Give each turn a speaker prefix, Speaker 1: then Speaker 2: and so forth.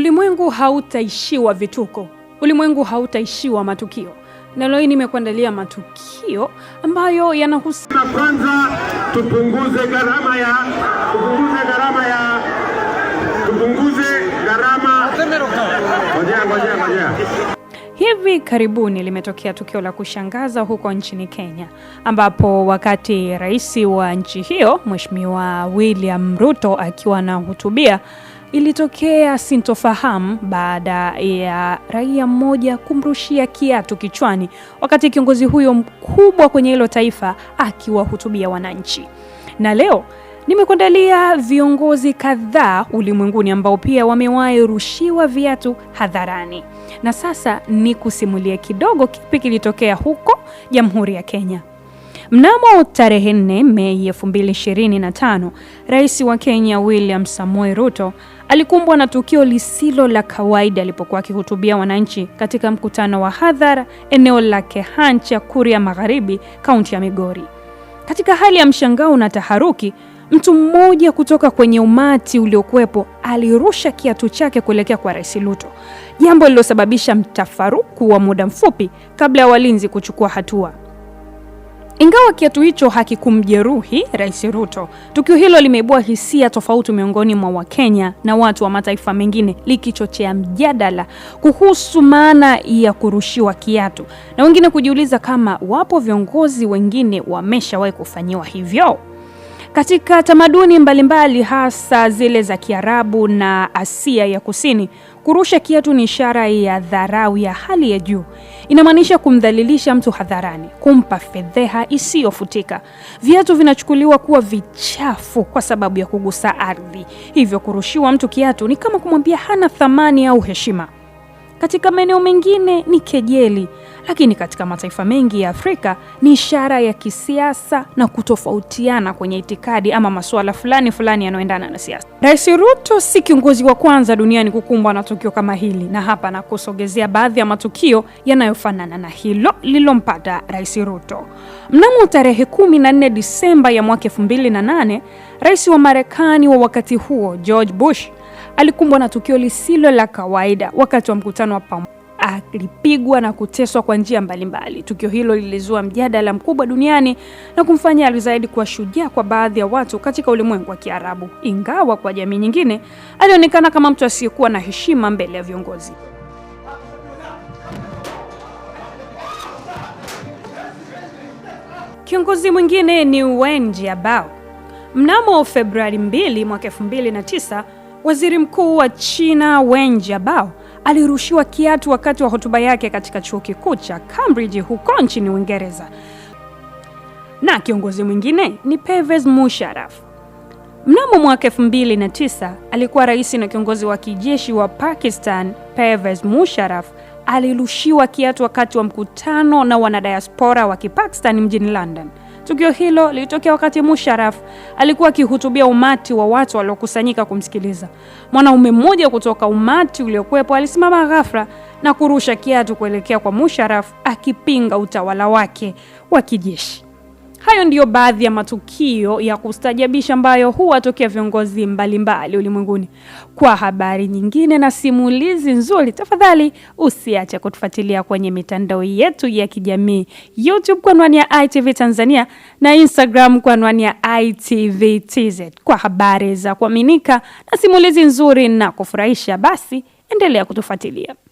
Speaker 1: Ulimwengu hautaishiwa vituko, ulimwengu hautaishiwa matukio, na leo nimekuandalia matukio ambayo yanahusu.
Speaker 2: Kwanza tupunguze gharama ya tupunguze gharama ya tupunguze gharama. Ngoja ngoja ngoja.
Speaker 1: Hivi karibuni limetokea tukio la kushangaza huko nchini Kenya ambapo wakati rais wa nchi hiyo Mheshimiwa William Ruto akiwa anahutubia Ilitokea sintofahamu baada ya raia mmoja kumrushia kiatu kichwani wakati kiongozi huyo mkubwa kwenye hilo taifa akiwahutubia wananchi. Na leo nimekuandalia viongozi kadhaa ulimwenguni ambao pia wamewahi rushiwa viatu hadharani, na sasa ni kusimulia kidogo kipi kilitokea huko Jamhuri ya Kenya. Mnamo tarehe 4 Mei tano Rais wa Kenya William Samoei Ruto alikumbwa na tukio lisilo la kawaida alipokuwa akihutubia wananchi katika mkutano wa hadhara eneo la Kehancha, Kuria Magharibi, kaunti ya Migori. Katika hali ya mshangao na taharuki, mtu mmoja kutoka kwenye umati uliokuwepo alirusha kiatu chake kuelekea kwa Rais Ruto, jambo lililosababisha mtafaruku wa muda mfupi kabla ya walinzi kuchukua hatua. Ingawa kiatu hicho hakikumjeruhi Rais Ruto, tukio hilo limeibua hisia tofauti miongoni mwa Wakenya na watu wa mataifa mengine, likichochea mjadala kuhusu maana ya kurushiwa kiatu na wengine kujiuliza kama wapo viongozi wengine wameshawahi kufanyiwa hivyo. Katika tamaduni mbalimbali mbali hasa zile za Kiarabu na Asia ya Kusini, Kurusha kiatu ni ishara ya dharau ya hali ya juu. Inamaanisha kumdhalilisha mtu hadharani, kumpa fedheha isiyofutika. Viatu vinachukuliwa kuwa vichafu kwa sababu ya kugusa ardhi, hivyo kurushiwa mtu kiatu ni kama kumwambia hana thamani au heshima. Katika maeneo mengine ni kejeli, lakini katika mataifa mengi ya Afrika ni ishara ya kisiasa na kutofautiana kwenye itikadi ama masuala fulani fulani yanayoendana na siasa. Rais Ruto si kiongozi wa kwanza duniani kukumbwa na tukio kama hili, na hapa na kusogezea baadhi ya matukio yanayofanana na hilo lilompata Rais Ruto mnamo tarehe 14 Disemba ya mwaka 2008. Rais wa Marekani wa wakati huo George Bush alikumbwa na tukio lisilo la kawaida wakati wa mkutano wa pamoja alipigwa na kuteswa kwa njia mbalimbali. Tukio hilo lilizua mjadala mkubwa duniani na kumfanya Al-Zaid kuwa shujaa kwa baadhi ya watu katika ulimwengu wa Kiarabu, ingawa kwa jamii nyingine alionekana kama mtu asiyekuwa na heshima mbele ya viongozi. Kiongozi mwingine ni Wen Jiabao. Mnamo Februari 2 mwaka 2009, Waziri Mkuu wa China Wen Jiabao alirushiwa kiatu wakati wa hotuba yake katika chuo kikuu cha Cambridge huko nchini Uingereza. Na kiongozi mwingine ni Pervez Musharraf. Mnamo mwaka 2009 alikuwa rais na kiongozi wa kijeshi wa Pakistan, Pervez Musharraf alirushiwa kiatu wakati wa mkutano na wanadiaspora wa kipakistan mjini London. Tukio hilo lilitokea wakati Musharraf alikuwa akihutubia umati wa watu waliokusanyika kumsikiliza. Mwanaume mmoja kutoka umati uliokuwepo alisimama ghafla na kurusha kiatu kuelekea kwa Musharraf akipinga utawala wake wa kijeshi. Hayo ndiyo baadhi ya matukio ya kustajabisha ambayo huwatokea viongozi mbalimbali ulimwenguni. Kwa habari nyingine na simulizi nzuri, tafadhali usiache kutufuatilia kwenye mitandao yetu ya kijamii, YouTube kwa anwani ya ITV Tanzania na Instagram kwa anwani ya ITV TZ. Kwa habari za kuaminika na simulizi nzuri na kufurahisha, basi endelea kutufuatilia.